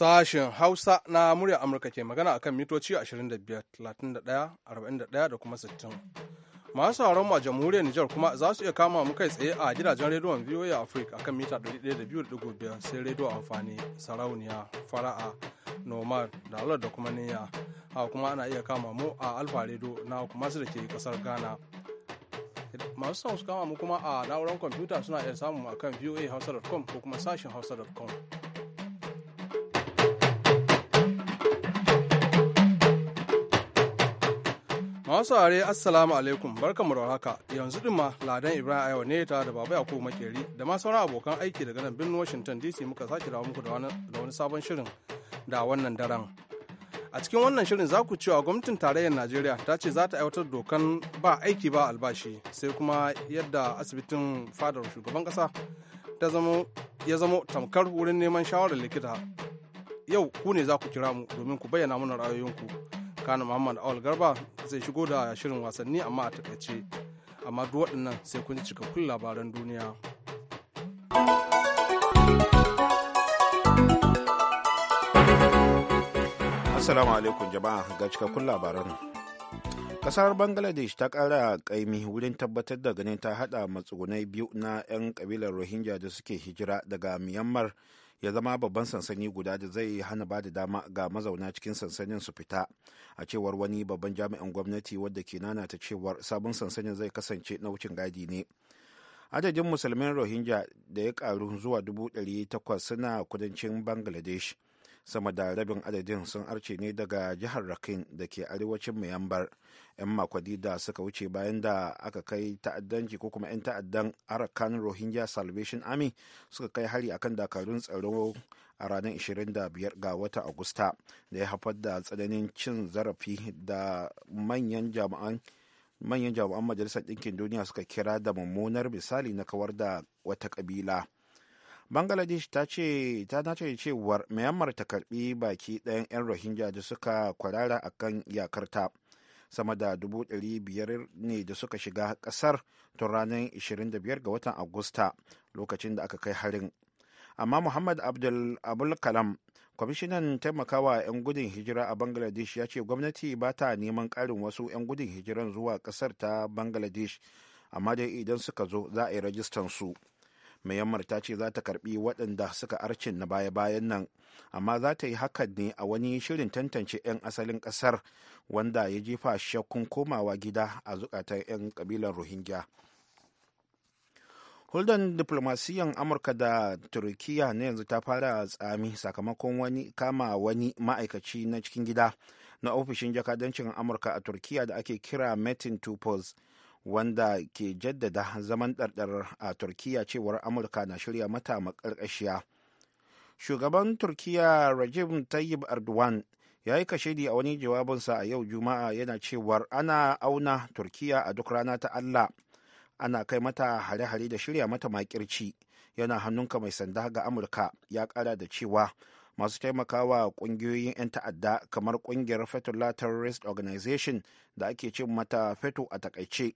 Sashen Hausa na murya Amurka ke magana akan mitoci 25, 31, 41 da kuma 60. Masu sauran mu a jamhuriyar Nijar kuma za su iya kama mu kai tsaye a gidajen rediyon VOA Africa akan mita 102.5 sai rediyo amfani sarauniya fara'a nomad dalar da kuma niyya. Haka kuma ana iya kama mu a alfa redo na kuma su da ke kasar Ghana. Masu son su kama mu kuma a na'urar kwamfuta suna iya samun samu akan hausa.com ko kuma sashen hausa.com. Masu are assalamu alaikum barkamu da haka yanzu din ma ladan Ibrahim Ayo ne ta da baba Yakubu Makeri da ma sauran abokan aiki daga nan birnin Washington DC muka sake dawo muku da wani sabon shirin da wannan daren. A cikin wannan shirin za ku cewa gwamnatin tarayyar Najeriya ta ce za ta aiwatar dokan ba aiki ba albashi sai kuma yadda asibitin fadar shugaban kasa ya zamo tamkar wurin neman shawarar likita. Yau ku ne za ku kira mu domin ku bayyana mana ra'ayoyinku. kano muhammad awal garba zai shigo da shirin wasanni amma a takaice amma duk waɗannan sai kun cikakkun labaran duniya assalamu alaikum jama'a ga cikakkun labaran kasar bangladesh ta kara kaimi wurin tabbatar da ganin ta hada matsugunai biyu na 'yan kabilar rohingya da suke hijira daga myanmar ya zama babban sansani guda da zai hana ba da dama ga mazauna cikin sansanin su fita a cewar wani babban jami'in gwamnati wadda ke nanata cewar sabon sansanin zai kasance na wucin gadi ne adadin musulmin rohingya da ya karu zuwa 800 suna kudancin bangladesh sama da rabin adadin sun arce ne daga jihar rakin da ke arewacin myanmar 'yan makwadi da suka wuce bayan da aka kai ta'addanci ko kuma 'yan ta'addan arakan rohingya salvation army suka kai hari akan dakarun tsaro a ranar 25 ga wata agusta da ya haifar da tsananin cin zarafi da manyan jami'an manyan jami'an majalisar ɗinkin duniya suka kira da mummunar misali na kawar da wata ƙabila. bangladesh ta ce ta nace cewar myanmar ta karbi baki ɗayan 'yan rohingya da suka kwarara a kan iyakarta sama da biyar ne da suka shiga ƙasar tun ranar 25 ga watan agusta lokacin da aka kai harin amma muhammad abdul abul kalam kwamishinan taimakawa 'yan gudun hijira a bangladesh ya ce gwamnati ba ta neman ƙarin wasu 'yan gudun hijiran zuwa ƙasar ta bangladesh amma dai idan suka zo za a yi rajistan su. Myanmar ta ce za ta karbi waɗanda suka arcin na baya-bayan nan, amma za ta yi hakan ne a wani shirin tantance 'yan asalin ƙasar wanda ya jefa shakkun komawa gida a zukatan 'yan ƙabilar Rohingya. huldan diplomasiyan amurka da turkiya na yanzu ta fara tsami sakamakon wani kama wani ma'aikaci na cikin gida na ofishin jakadancin amurka a turkiya da ake kira metin tupos wanda ke jaddada zaman ɗarɗar a turkiya cewar amurka na shirya mata makarkashiya shugaban turkiya rajib tayyib erdogan ya yi kashedi a wani jawabinsa a yau juma'a yana cewar ana auna turkiya a duk rana ta allah ana kai mata hare-hare da shirya mata makirci yana hannunka mai sanda ga amurka ya kara da cewa masu taimakawa kungiyoyin 'yan ta'adda kamar kungiyar fetullah terrorist organization da ake ce mata feto a takaice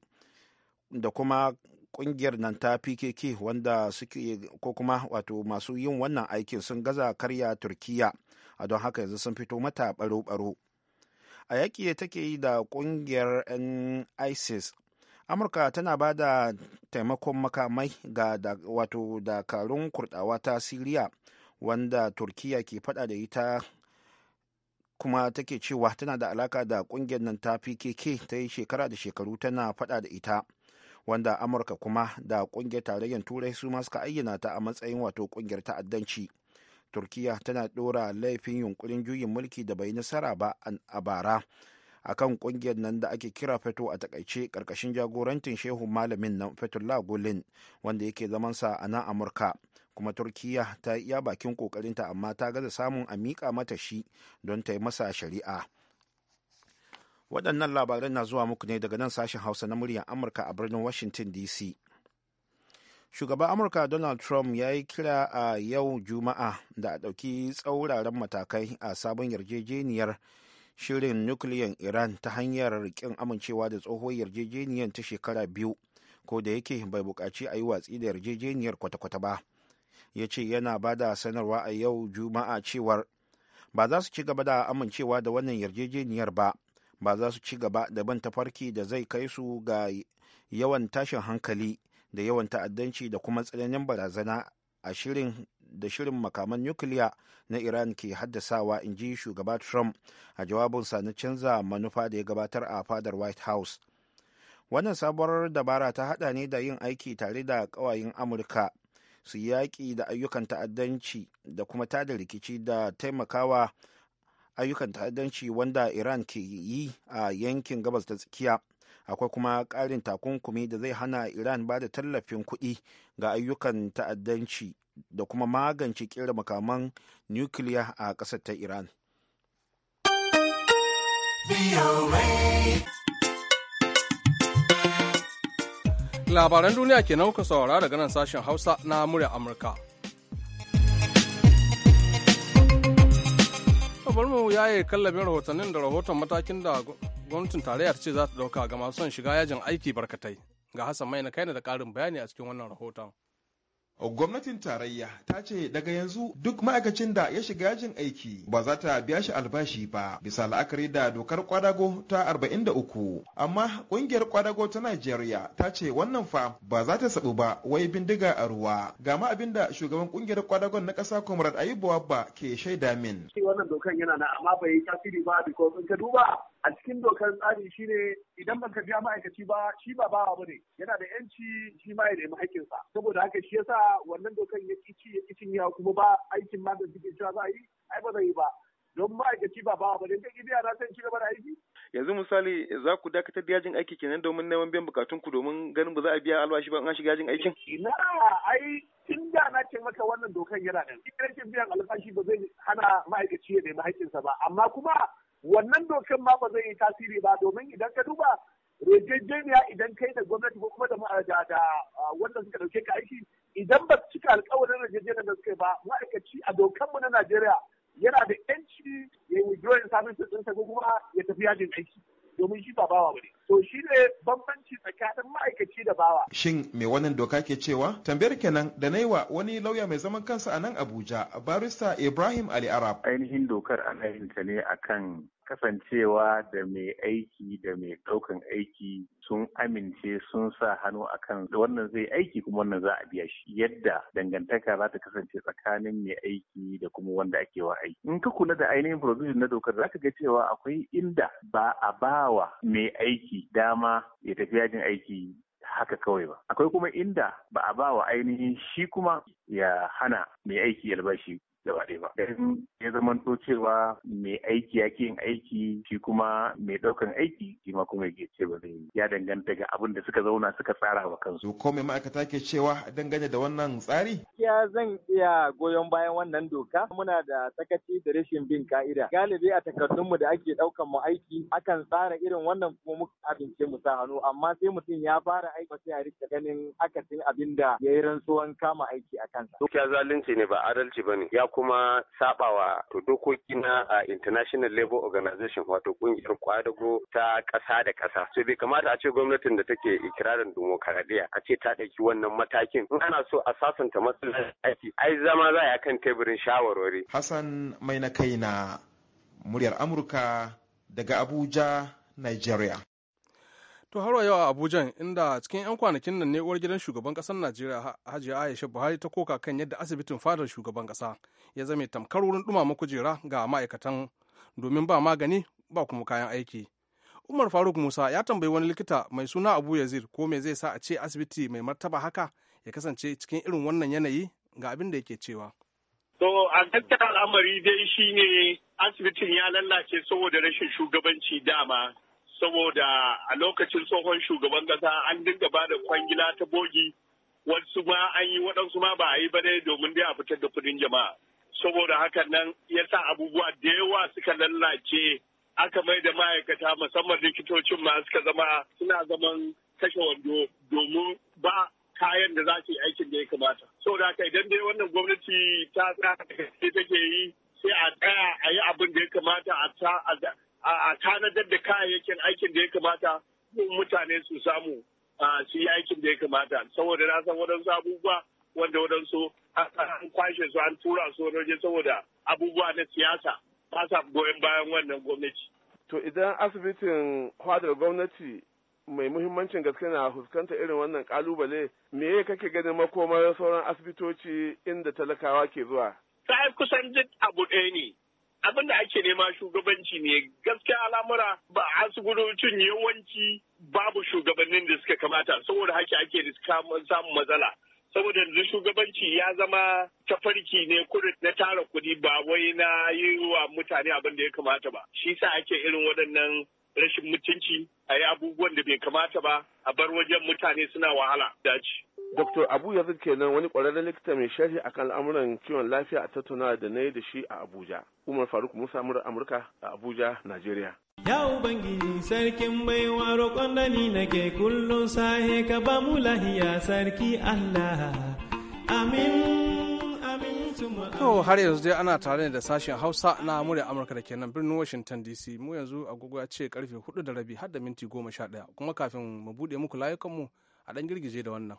da kuma kungiyar nan ta pkk wanda suke ko kuma wato masu yin wannan aikin sun gaza karya turkiya a don haka yanzu sun fito mata baro-baro a yaƙi take yi da kungiyar 'yan isis amurka tana ba da taimakon makamai ga da, wato dakarun kurdawa ta siriya wanda turkiya ke fada da ita kuma take cewa tana da alaka da kungiyar nan ta pkk ta yi shekara da shekaru tana fada da ita wanda amurka kuma da kungiyar tarayyar turai su masu suka ayyana ta a matsayin wato kungiyar ta'addanci turkiya tana ɗora laifin yunkurin juyin mulki da bai nasara ba a bara akan kungiyar nan da ake kira feto a takaice karkashin jagorantin shehu malamin nan fetullah gulin wanda yake zamansa a nan amurka kuma turkiya ta iya bakin kokarinta amma ta gaza samun a mika mata shi don ta yi masa shari'a waɗannan labaran na zuwa muku ne daga nan sashen hausa na muryar amurka a birnin washington dc shugaban amurka donald trump ya yi kira a yau juma'a da a ɗauki tsauraran matakai a sabon yarjejeniyar shirin nukiliyan iran ta hanyar rikin amincewa da tsohuwar yarjejeniyar ta shekara biyu ko da yake bai buƙaci a yi watsi da yarjejeniyar kwata-kwata ba ya ce yana ba da sanarwa a yau juma'a cewar ba za su ci gaba da amincewa da wannan yarjejeniyar ba ba za su ci gaba da ban tafarki da zai kai su ga yawan tashin hankali da yawan ta'addanci da kuma tsananin barazana a shirin da shirin makaman nukiliya na iran ke haddasawa in ji shugaba trump a jawabinsa na canza manufa da ya gabatar a fadar white house wannan sabuwar dabara ta hada ne da yin aiki tare da kawayen amurka su yaƙi da ayyukan ta'addanci da kuma tada rikici da taimakawa ayyukan ta'addanci wanda iran ke yi a yankin gabas ta tsakiya akwai kuma ƙarin takunkumi da zai hana iran ba da tallafin kuɗi ga ayyukan ta'addanci da kuma magance kera makaman nukiliya a ƙasar ta iran labaran duniya ke nauka saurara daga nan sashen hausa na murya amurka bari mu yaye kallabin rahotannin da rahoton matakin da gwamnatin tarayyar ce za ta ɗauka ga masu son shiga yajin aiki barkatai ga hassan mai na kai da karin bayani a cikin wannan rahoton gwamnatin tarayya ta ce daga yanzu duk ma'aikacin da ya shiga yajin aiki ba za ta biya shi albashi ba bisa la'akari da dokar kwadago ta 43 amma kungiyar kwadago ta najeriya ta ce wannan fa ba za ta sabu ba wai bindiga a ruwa ga ma abin da shugaban kungiyar kwadagon na ƙasa comrade ayubu abba ke shaida min. wannan dokan yana na amma bai tasiri ba because in ka duba a cikin dokar tsari shine idan ban biya ma'aikaci ba shi ba bawa ba ne yana da yanci shi ma ya nemi haƙƙinsa saboda haka shi yasa wannan dokar ya ƙi ya ci ya kuma ba aikin ma da suke cewa za a yi ai ba zai yi ba don ma'aikaci ba bawa ba ne kai biya na san ci gaba da aiki yanzu misali za ku dakatar da yajin aiki kenan domin neman biyan bukatun ku domin ganin ba za a biya albashi ba in an shiga yajin aikin ina ai tun da na ce maka wannan dokan yana nan ce biyan albashi ba zai hana ma'aikaci ya nemi haƙƙinsa ba amma kuma wannan dokan ma ba zai yi tasiri ba domin idan ka duba rejejeniya idan kai da gwamnati ko kuma da da wanda suka dauke ka aiki idan ba su cika alkawarin rejejeniya da suka yi ba ma'aikaci a dokanmu na Najeriya yana da yanci ya yi withdrawing services ɗinsa ko kuma ya tafi yajin aiki domin shi ba bawa ne. to shi ne bambanci tsakanin ma'aikaci da bawa. Shin me wannan doka ke cewa? Tambayar kenan da na wa wani lauya mai zaman kansa a nan Abuja, barista Ibrahim Ali Arab. Ainihin dokar a yin ta ne akan kasancewa da mai aiki da mai ɗaukan aiki sun amince sun sa hannu akan wannan zai aiki kuma wannan za a biya shi yadda dangantaka za ta kasance tsakanin mai aiki da kuma wanda ake wa aiki in ka kula da ainihin provision na dokar za ka ga cewa akwai inda ba a bawa mai aiki aiki dama ya tafi yajin aiki haka kawai ba. Akwai kuma inda ba a ba wa ainihin shi kuma ya hana mai aiki albashi gaba ɗaya ba. Eh. Idan ya to cewa mai aiki ya yin aiki shi kuma mai ɗaukan aiki shi ma kuma ya ce ba zai yi. Ya danganta ga abin da suka zauna suka tsara wa kansu. Ko mai ma'aikata ke cewa dangane da wannan tsari? Ya zan iya goyon bayan wannan doka. Muna da sakaci da rashin bin ka'ida. Galibi a takardunmu da ake ɗaukan mu aiki akan tsara irin wannan kuma muka abince mu sa hannu amma sai mutum ya fara aiki sai a rika ganin akasin abin da ya yi rantsuwan kama aiki a kansa. Duk ya zalunci ne ba adalci ba ne. kuma sabawa to dokoki na International Labour Organization wato kungiyar kwadago ta ƙasa da ƙasa. So bai kamata a ce gwamnatin da take ikirarin dimokuraɗiyya a ce ta ɗauki wannan matakin. In ana so a sasanta matsalar aiki ai zama za a kan teburin shawarwari. Hassan mai na kai na muryar Amurka daga Abuja, Nigeria. To har yau a Abuja inda cikin 'yan kwanakin nan ne uwar gidan shugaban kasar Najeriya Hajiya Aisha Buhari ta koka kan yadda asibitin fadar shugaban kasa ya zame tamkar wurin dumama kujera ga ma'aikatan domin ba magani ba kuma kayan aiki. Umar Faruk Musa ya tambayi wani likita mai suna Abu Yazir ko me zai sa a ce asibiti mai martaba haka ya kasance cikin irin wannan yanayi ga abin da yake cewa. To a gaskiya al'amari dai shine asibitin ya lallace saboda rashin shugabanci dama saboda a lokacin tsohon shugaban kasa an dinga ba da kwangila ta bogi wasu ma an yi waɗansu ma ba a yi ba dai domin dai a fitar da kudin jama'a saboda hakan nan ya sa abubuwa da yawa suka lallace aka mai da ma'aikata musamman likitocin ma suka zama suna zaman kashe wando domin ba kayan da za su yi aikin da ya kamata. Saboda haka idan dai wannan gwamnati ta tsaya take yi sai a tsaya a yi abin da ya kamata a ta. a tanadar da kayayyakin aikin da ya kamata mutane su samu su yi aikin da ya kamata saboda na san waɗansu abubuwa wanda waɗansu an kwashe su an tura su waje saboda abubuwa na siyasa ba sa goyon bayan wannan gwamnati. To idan asibitin hadar gwamnati mai muhimmancin gaske na fuskantar irin wannan kalubale me ya kake ganin makomar sauran asibitoci inda talakawa ke zuwa? Ta kusan duk abu ɗaya ne abin da ake nema shugabanci ne gaskiya al'amura ba a su yawanci babu shugabannin da suka kamata saboda haka ake samun matsala saboda yanzu shugabanci ya zama tafarki ne kurin na tara kudi ba wai na yi wa mutane abin da ya kamata ba shi sa ake irin waɗannan rashin mutunci a yi abubuwan da bai kamata ba a bar wajen mutane suna wahala dace Dr. Abu Yazid kenan wani ƙwararren likita mai sharhi akan al'amuran kiwon lafiya a tattauna da na yi da shi a Abuja. Umar Faruk Musa mura Amurka a Abuja, Najeriya. Ya Ubangiji sarkin baiwa roƙon da ni nake kullum sahe ka ba mu lahiya sarki Allah. Amin. To har yanzu dai ana tare da sashen Hausa na murya Amurka da ke nan birnin Washington DC mu yanzu agogo ya ce karfe hudu da rabi har da minti goma sha ɗaya kuma kafin mu buɗe muku layukanmu a ɗan girgije da wannan.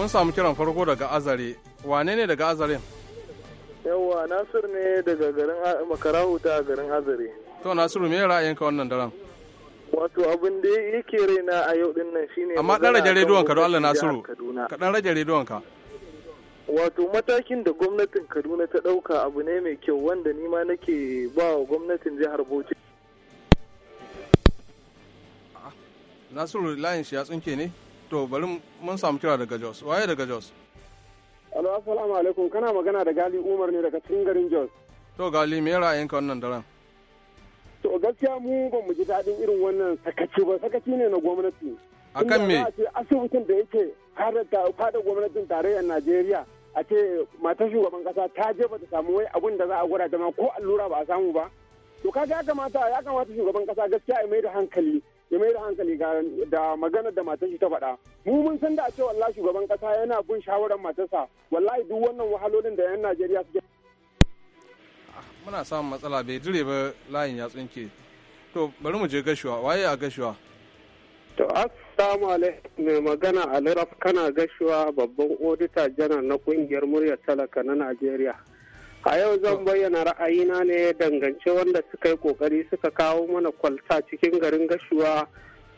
mun samu kiran farko daga azare wane ne daga azare yawwa nasir ne daga garin makarahu ta garin azare to nasiru me ra'ayinka wannan daren wato abin da yake raina a yau din nan shine amma dan rage rediyon ka don Allah nasiru ka dan rage rediyon ka wato matakin da gwamnatin kaduna ta dauka abu ne mai kyau wanda ni ma nake ba wa gwamnatin jihar bauchi nasiru layin shi ya tsunke ne to bari mun samu kira daga jos waye daga jos alo assalamu alaikum kana magana da gali umar ne daga cikin garin jos to gali me ra'ayinka wannan daren to gaskiya mu ba mu ji daɗin irin wannan sakaci ba sakaci ne na gwamnati kan me asibitin da yake fada gwamnatin tarayyar najeriya a ce matar shugaban kasa ta je ba ta samu wai abin da za a gwada ma ko allura ba a samu ba to kaga ya kamata ya kamata shugaban kasa gaskiya ya mai da hankali ya mai da hankali da maganar da matar shi ta faɗa mu mun san da a ce wallahi shugaban kasa yana bin shawarar matarsa wallahi duk wannan wahalolin da yan Najeriya suke muna samun matsala bai dire ba layin ya tsinke to bari mu je gashuwa waye a gashuwa to assalamu alaikum mai magana aliraf kana gashuwa babban odita janar na kungiyar murya talaka na Najeriya A yau zan bayyana ra'ayina ne dangance wanda suka yi kokari suka kawo mana kwalta cikin garin gashuwa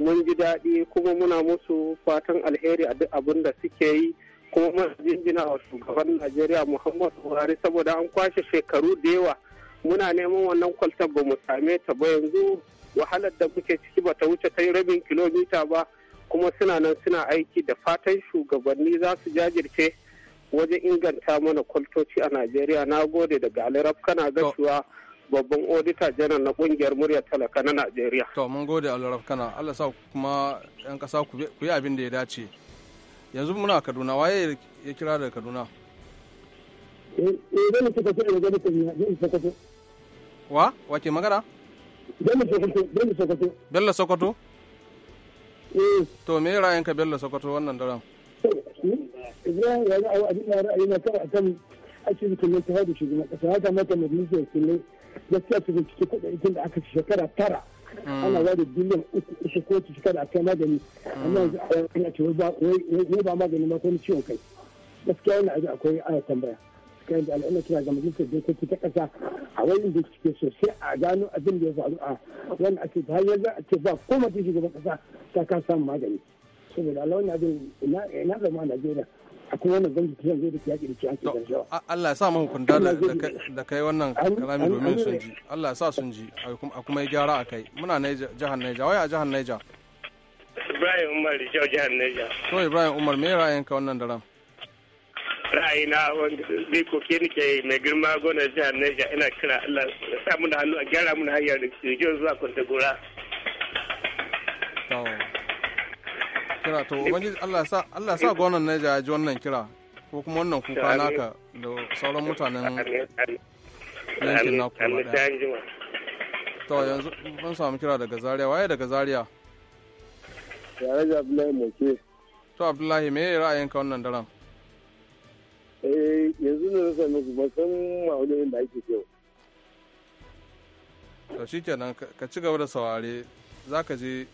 mun ji daɗi kuma muna musu fatan alheri a duk abin da suke yi kuma muna jinjina wa shugaban Najeriya Muhammadu Buhari saboda an kwashe shekaru da yawa muna neman wannan kwaltar ba mu same ta ba yanzu wahalar da muke ciki ba ta wuce ta yi rabin kilomita ba kuma suna nan suna aiki da fatan shugabanni za su jajirce wajen inganta mana kwaltoci a najeriya na gode daga galirar kana gashuwa babban odita janar na kungiyar murya talaka na najeriya to mun gode alirab kana allah sa kuma yan kasa ku yi abin da ya dace yanzu muna kaduna waye ya kira da kaduna eh, eh, wa wake magana bello sokoto eh. to me ra'ayinka bello sokoto wannan daren ibrahim ya ra'ayi abin da ra'ayi na kar akan ake kullum ta hada shugaban kasa ya kamata majalisar kullum gaskiya su bincike kuɗaɗen da aka ci shekara tara hmm. ana ba da biliyan uku ishe ko ta shekara a kai magani hmm. amma yanzu a yana ce wai ba magani ma ni ciwon kai gaskiya yana aji akwai aya tambaya Gaskiya yanzu al'umma kira ga majalisar dokoki ta ƙasa a wani da suke sosai a gano abin da ya faru a wani ake ta hanyar za a ce ba ko ta shugaban ƙasa ta kasa magani saboda Allah wannan abin ina zama a Najeriya akwai wannan gwamnati zan zo da yaƙi da ciyan kisan shawa. Allah ya sa kunda da kai wannan kalami domin sun ji. Allah ya sa sun ji a kuma yi gyara a kai. Muna jihar Naija, waya a jihar Naija. Ibrahim Umar da jihar Naija. So Ibrahim Umar me ka wannan daren? Ra'ayina wanda zai koke ke mai girma gonar jihar Naija ina kira Allah ya sa mu da hannu a gyara mu hanyar da ke zuwa Gora. kira to ubangiji Allah sa Allah sa gwamnan Niger ya ji wannan kira ko kuma wannan kuka naka da sauran mutanen yankin naku to yanzu mun samu kira daga Zaria waye daga Zaria Yare da Abdullahi Moke to Abdullahi me ya ka wannan daren eh yanzu ne na sami ku san maulayin da ake cewa to shikenan ka ci gaba da saurare ka je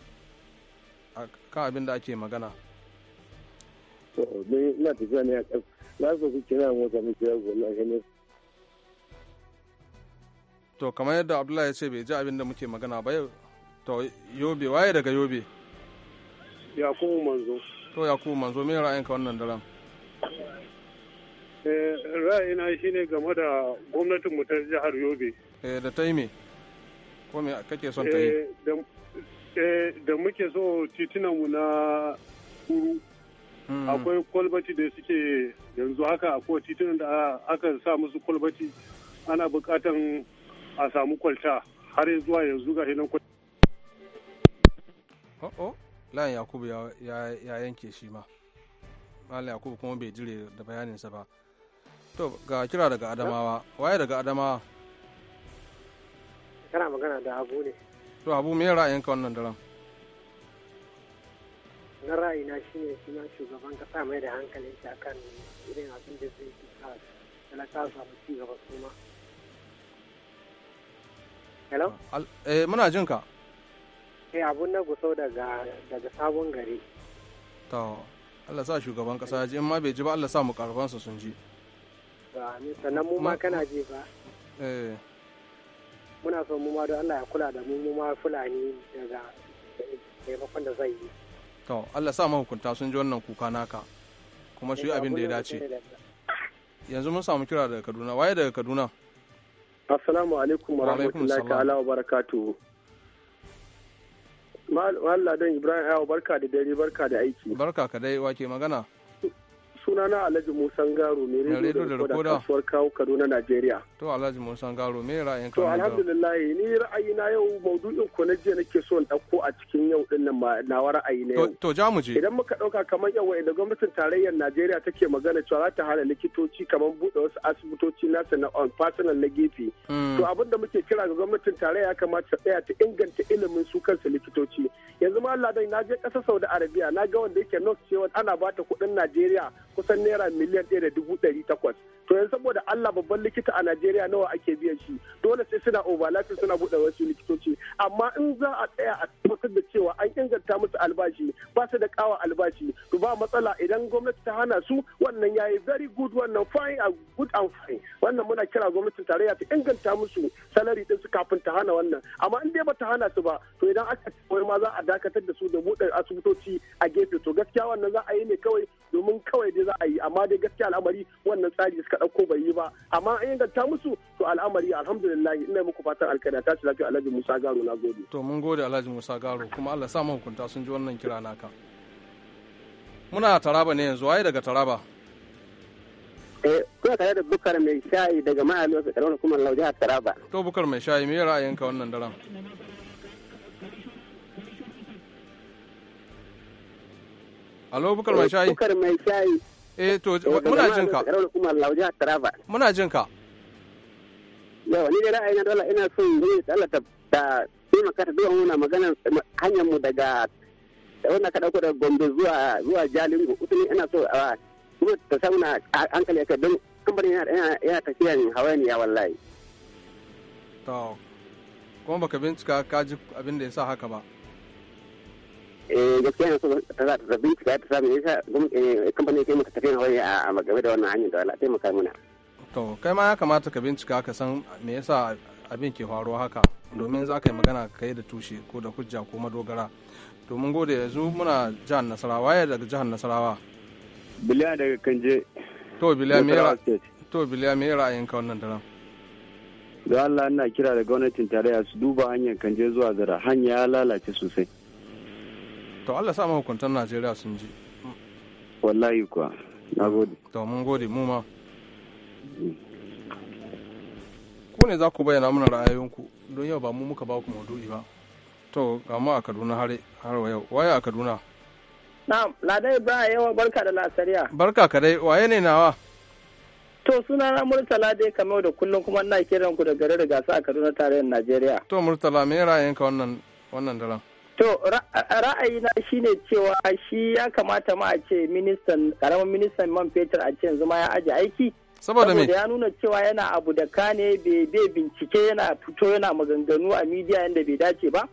kan abin da ake magana to a to kamar yadda abdullahi ya ce bai ji abin da muke magana ba yau to yobe waye daga yobe yakubu manzo to yakubu manzo me ra'ayinka wannan daren eh ra'ayina ne game da gwamnatin mu ta jihar yobe eh da ta yi me ko me kake son ta yi eh, Eh, da muke so titunanmu na kuru hmm. akwai kwalbati da suke yanzu haka akwai titunan da aka sa musu kwalbati ana bukatan a samu kwalta har zuwa yanzu ga hinan kwalta. Oh, oh, Layin Yakubu ya yanke shi ma. Malam Yakubu kuma bai jire da bayaninsa ba. To, ga kira daga Adamawa. Waye daga Adamawa? Kana magana da abu ne. to abu me ka wannan daren na ra'ayina na shi ma shugaban kasa mai da hankalin shi akan irin abin da zai fi sa talaka samu ci gaba su ma hello eh muna jin ka eh abun na guso daga daga sabon gari to Allah sa shugaban kasa ji in ma bai ji ba Allah sa mu karfansa sun ji ba sanan mu ma kana ji ba eh muna son mu ma don Allah ya kula da mu mu ma fulani daga taimakon da zai yi to Allah sa mahukunta sun ji wannan kuka naka kuma su yi eh, abin da ya dace yanzu mun samu kira daga Kaduna waye daga Kaduna Assalamu alaikum wa rahmatullahi ta'ala wa barakatuhu Allah don Ibrahim Ayo barka da dare barka da aiki. Barka ka dai wake magana. sunana Alhaji Musa Garo ne rediyo da rikoda kasuwar kawo Kaduna Najeriya. To Alhaji Musa Garo me ra'ayin ka? To alhamdulillah ni ra'ayi na yau maudu'in ko na jiya nake so in dauko a cikin yau din nan nawa ra'ayi ne. To ja mu je. Idan muka dauka kamar yau da gwamnatin tarayyar Najeriya take magana cewa za ta hana likitoci kamar bude wasu asibitoci nasa na on um, personal na gefe. Hmm. To abinda muke kira ga gwamnatin tarayya kamata ta tsaya ta inganta ilimin su kansu likitoci. Yanzu ma Allah dai na je ƙasar Saudi Arabia na ga wanda yake nurse cewa ana bata kuɗin Najeriya kusan naira miliyan ɗaya da dubu ɗari takwas to yanzu saboda Allah babban likita a Najeriya nawa ake biyan shi dole sai suna overlapping suna buɗe wasu likitoci amma in za a tsaya a tabbatar da cewa an inganta musu albashi ba su da kawa albashi to ba matsala idan gwamnati ta hana su wannan yayi very good wannan fine and good and fine wannan muna kira gwamnatin tarayya ta inganta musu salari din su kafin ta hana wannan amma in dai bata hana su ba to idan aka kawai ma za a dakatar da su da buɗe asibitoci a gefe to gaskiya wannan za a yi ne kawai domin kawai je za a yi amma dai gaskiya al'amari wannan tsari da suka ɗauko bai yi ba amma an inganta musu to al'amari alhamdulillah ina muku fatan alkhairi ta ci lafiya Alhaji Musa Garo na gode to mun gode Alhaji Musa Garo kuma Allah sa hukunta sun ji wannan kira naka muna Taraba ne yanzu waye daga Taraba eh kuma tare da bukar mai shayi daga ma'alu a karamar kuma Lauje a Taraba to bukar mai shayi me ra'ayinka wannan daren Alo bukar mai eh, shayi. Bukar mai shayi. Eh to eh, muna jin ka. kuma Taraba. Muna jin ka. Yawa ni da ra'ayin dole ina so in da Allah ta ta taimaka ta zuwa muna magana hanyar mu daga wannan ka dauko daga Gombe zuwa zuwa Jalingo. Utuni ina so a kuma ta sauna hankali ka don kamfanin yana yana tafiyan ya wallahi. To kuma baka bincika ka ji abin da ya sa haka ba. Eh, gaskiya na ta za bincika ta samu yasa eh, kamfanin taimaka tafiyan hawaii a game da wannan hanyar da wala taimaka mana. to kai ma ya kamata ka bincika ka san me yasa abin ke faruwa haka domin za ka yi magana ka yi da tushe ko da hujja ko madogara domin gode yanzu muna jihar nasarawa ya daga jihar nasarawa biliya daga kanje to biliya me to biliya me ra'ayinka wannan daren da Allah ina kira da gwamnatin tarayya su duba hanyar kanje zuwa zara hanya ya lalace sosai to Allah sa mahukuntan Najeriya sun ji wallahi kuwa na gode to mun gode mu ma ku ne za ku bayyana mana ra'ayoyinku don yau ba mu muka ba ku maudu'i ba to ga mu a Kaduna har har yau waye a Kaduna na'am ladai ba yawa barka da lasariya barka ka dai waye ne nawa To suna na Murtala dai kamar da kullum kuma ina kiran ku da garin rigasa a Kaduna tarayyar Najeriya. To Murtala me ra'ayinka wannan wannan daren? To ra'ayina shine cewa shi ya kamata ma a ce ministan karamin ministan man fetur a ce yanzu ya aji aiki. Saboda me? ya nuna cewa yana abu da ka ne bai bincike yana fito yana maganganu a midiya yadda bai dace ba.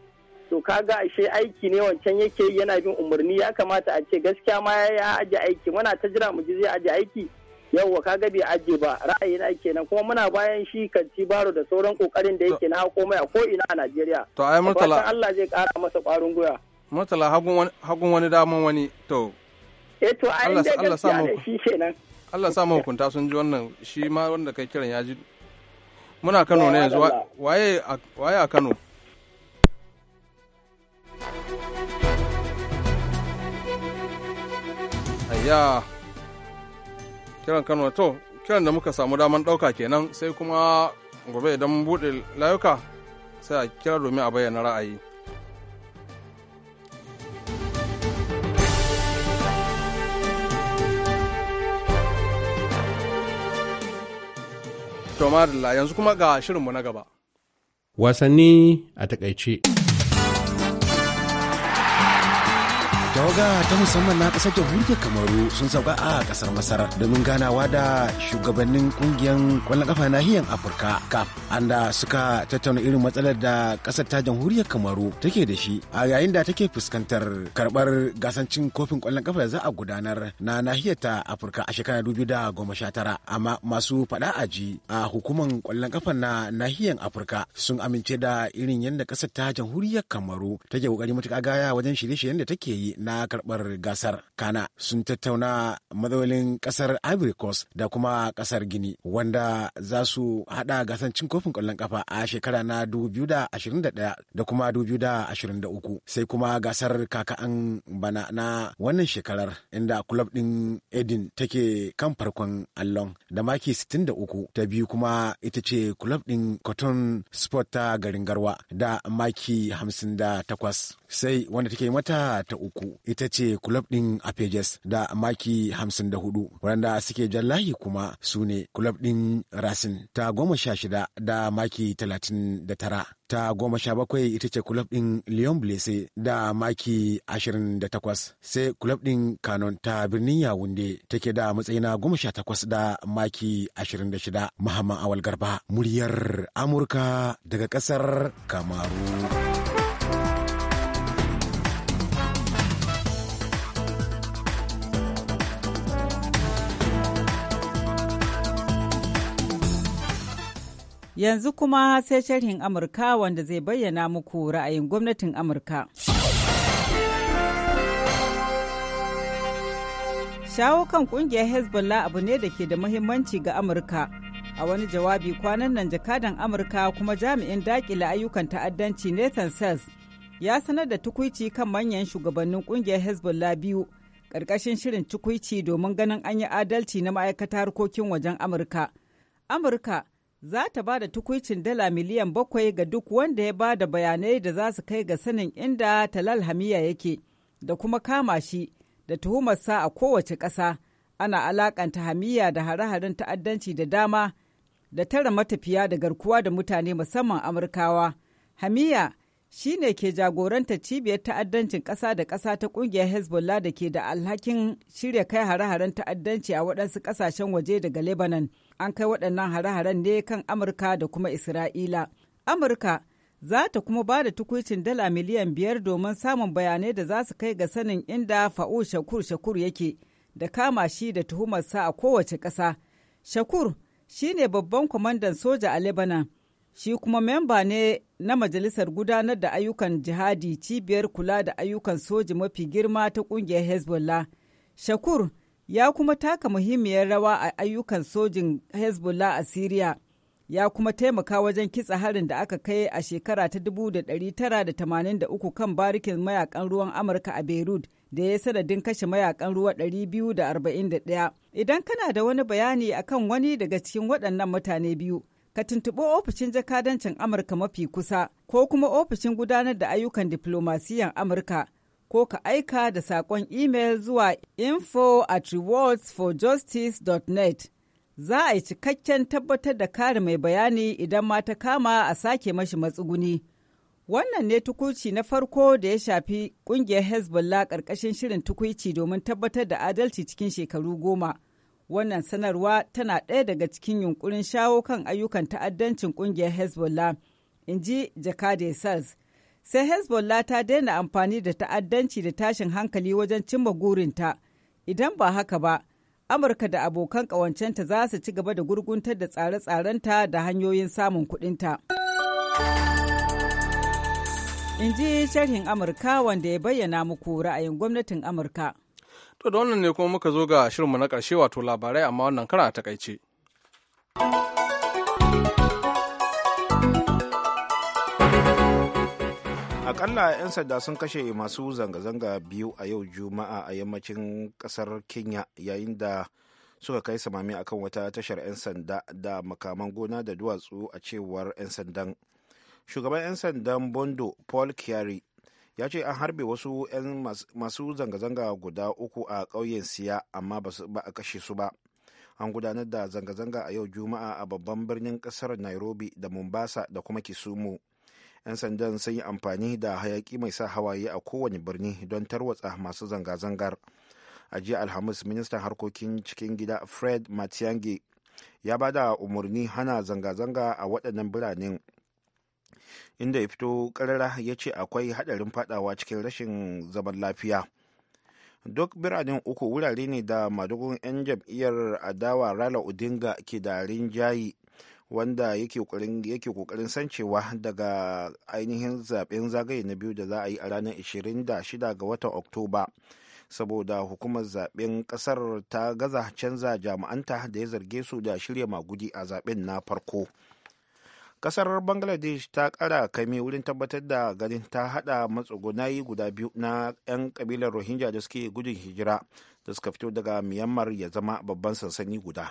To kaga ashe aiki ne wancan yake yana bin umarni ya kamata a ce gaskiya ma ya aje aiki muna ta jira mu ji zai aji aiki. yawwa ka gabi ajiye ba ra'ayi na kenan kuma muna bayan shi kanci baro da sauran kokarin da yake na hako mai a ko ina a Najeriya to ai murtala Allah zai kara masa kwarin gwiwa murtala hagun wani hagun wani daman wani to eh to ai Allah Allah sa mu shi kenan Allah sa mu hukunta sun ji wannan shi ma wanda kai kiran ya ji muna Kano ne yanzu waye waye a Kano ayya kiran kano to kiran da muka samu daman ɗauka kenan sai kuma gobe idan mun buɗe layuka sai a kira domin a bayyana ra'ayi la yanzu kuma ga shirinmu na gaba wasanni a takaice ga ta musamman na kasar jamhuriyar kamaru sun sauka a kasar masar domin ganawa da shugabannin kungiyar kwallon kafa nahiyar afirka kaf anda suka tattauna irin matsalar da kasar ta jamhuriyar kamaru take da shi a yayin da take fuskantar karbar gasancin kofin kwallon kafa da za a gudanar na nahiyar ta afirka a shekarar dubu da goma sha tara amma masu faɗa ji a hukumar kwallon kafa na nahiyar afirka sun amince da irin yadda kasar ta jamhuriyar kamaru take kokari matuƙa gaya wajen shirye-shiryen da take yi na na gasar. Kana sun tattauna matsalolin ƙasar Ivory Coast da kuma ƙasar Gini wanda za su haɗa gasar cin kofin ƙwallon ƙafa a shekara na 2021 da kuma 2023. Sai kuma gasar kaka'an bana na wannan shekarar inda kulob ɗin Edin take kan farkon allon da maki 63 ta biyu kuma ita ce kulob ɗin Cotton Sport ta garin Garwa da maki 58. Sai wanda take mata ta uku ita ce kulob ɗin Apejes da maki 54 waɗanda suke jan layi kuma su ne kulob ɗin Rasin ta goma sha shida da maki 39. ta goma sha bakwai ita ce kulob ɗin Lyon Blese da maki ashirin sai kulob ɗin Kanon ta birnin Yawunde take da matsayi na goma sha takwas da maki ashirin da shida Muhammad Awal Garba muryar Amurka daga ƙasar Kamaru. Yanzu kuma sai sharhin Amurka wanda zai bayyana muku ra'ayin gwamnatin Amurka. Shawo kan kungiyar Hezbollah abu ne da ke da muhimmanci ga Amurka. A wani jawabi kwanan nan jakadan Amurka kuma jami'in dakile ayyukan ta'addanci Nathan Sells ya sanar da tukuici kan manyan shugabannin kungiyar Hezbollah biyu ƙarƙashin shirin tukuici domin ganin an yi adalci na ma'aikata harkokin wajen Amurka. Amurka za ta ba da tukuicin dala miliyan bakwai ga duk wanda ya ba da bayanai da za su kai ga sanin inda talal hamiya yake da kuma kama shi da tuhumarsa a kowace ƙasa ana alakanta hamiya da hare-haren ta'addanci da dama da tara matafiya da garkuwa da mutane musamman amurkawa hamiya shi ne ke jagoranta cibiyar ta'addancin ƙasa da ƙasa ta ƙungiyar hezbollah da ke da alhakin shirya kai hare-haren ta'addanci a waɗansu ƙasashen waje daga lebanon an kai waɗannan hare-haren ne kan amurka da kuma isra'ila amurka za ta kuma ba da tukucin dala miliyan biyar domin samun bayanai da za su kai ga sanin inda fa'u shakur shakur yake da kama shi da tuhumarsa a kowace ƙasa shakur shine babban kwamandan soja a lebanon shi kuma memba ne na majalisar gudanar da ayyukan jihadi cibiyar kula da ayyukan soji mafi girma ta kungiyar hezbollah shakur ya kuma taka muhimmiyar rawa a ayyukan sojin hezbollah a syria ya kuma taimaka wajen kitsa harin da aka kai a shekara ta 1983 kan barikin mayakan ruwan amurka a beirut da ya sanadin kashe mayakan ruwa 241 idan kana da wani bayani akan wani daga cikin waɗannan mutane biyu ka tuntuɓi ofishin jakadancin Amurka mafi kusa ko kuma ofishin gudanar da ayyukan diflomasiyan Amurka ko ka aika da saƙon email zuwa info at rewardsforjustice.net. Za a yi cikakken tabbatar da kare mai bayani idan ma ta kama a sake mashi matsuguni. Wannan ne tukuci na farko da ya shafi ƙungiyar Hezbollah ƙarƙashin shirin tukuici domin tabbatar da adalci cikin shekaru goma. Wannan sanarwa tana ɗaya daga cikin yunkurin shawo kan ayyukan ta'addancin ƙungiyar Hezbollah, in ji Jakade Sars. Sai Hezbollah ta daina amfani da ta'addanci da tashin hankali wajen cimma gurinta. Idan ba haka ba, Amurka da abokan ƙawancenta za su ci gaba da gurguntar da tsare-tsarenta da hanyoyin samun kuɗinta. In ji sharhin Amurka wanda ya bayyana muku ra'ayin gwamnatin Amurka. To da wannan ne kuma muka zo ga shirinmu na ƙarshe wato labarai amma wannan kara a takaice. akalla 'yan sanda sun kashe masu zanga-zanga biyu a yau juma'a a yammacin ƙasar kenya yayin da suka kai samami akan wata tashar 'yan sanda da makaman gona da duwatsu a cewar 'yan sandan shugaban 'yan sandan bondo paul kyari ya ce an harbe wasu 'yan masu zanga-zanga guda uku a ƙauyen siya amma ba a kashe su ba an gudanar da zanga-zanga a yau juma'a a babban birnin ƙasar nairobi da mombasa da kuma kisumu 'yan sandan sun yi amfani da hayaki mai sa hawaye a kowane birni don tarwatsa masu zanga-zangar a jiya alhamis ministan harkokin cikin gida fred matiangi ya ba da umarni hana zanga-zanga a waɗannan biranen inda ya fito karara ya ce akwai hadarin fadawa cikin rashin zaman lafiya duk biranen uku wurare ne da madugun 'yan jam'iyyar adawa rala odinga ke da rinjayi wanda yake kokarin sancewa daga ainihin zaben zagaye na biyu da za a yi a ranar 26 ga watan oktoba saboda hukumar zaben kasar ta gaza canza jami'anta da ya zarge su da shirya magudi a zaben na farko kasar bangladesh ta kara kame wurin tabbatar da garin ta hada matsugunayi guda biyu na 'yan kabilar rohingya da suke gudun hijira da suka fito daga myanmar ya zama babban sansani guda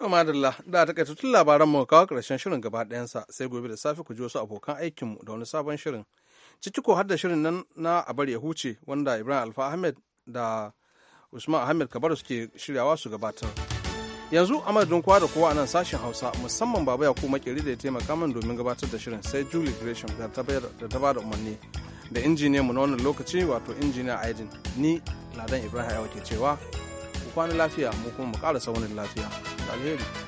Dama da ta kaita tun labaran mu kawo karshen shirin gaba ɗayansa sai gobe da safe ku ji wasu abokan aikinmu da wani sabon shirin. Ciki ko har da shirin nan na a bari ya huce wanda Ibrahim Alfa Ahmed da Usman Ahmed Kabaru suke shiryawa su gabatar. yanzu a madadin kowa da kowa a nan sashen hausa musamman baba ya kuma makeri da ya taimaka min domin gabatar da shirin sai julie gresham da ta bada umarni da injiniya mu na wannan lokaci wato injiniya aidin ni ladan ibrahim ya ke cewa ku kwana lafiya mu kuma mu ƙara saunin lafiya da alheri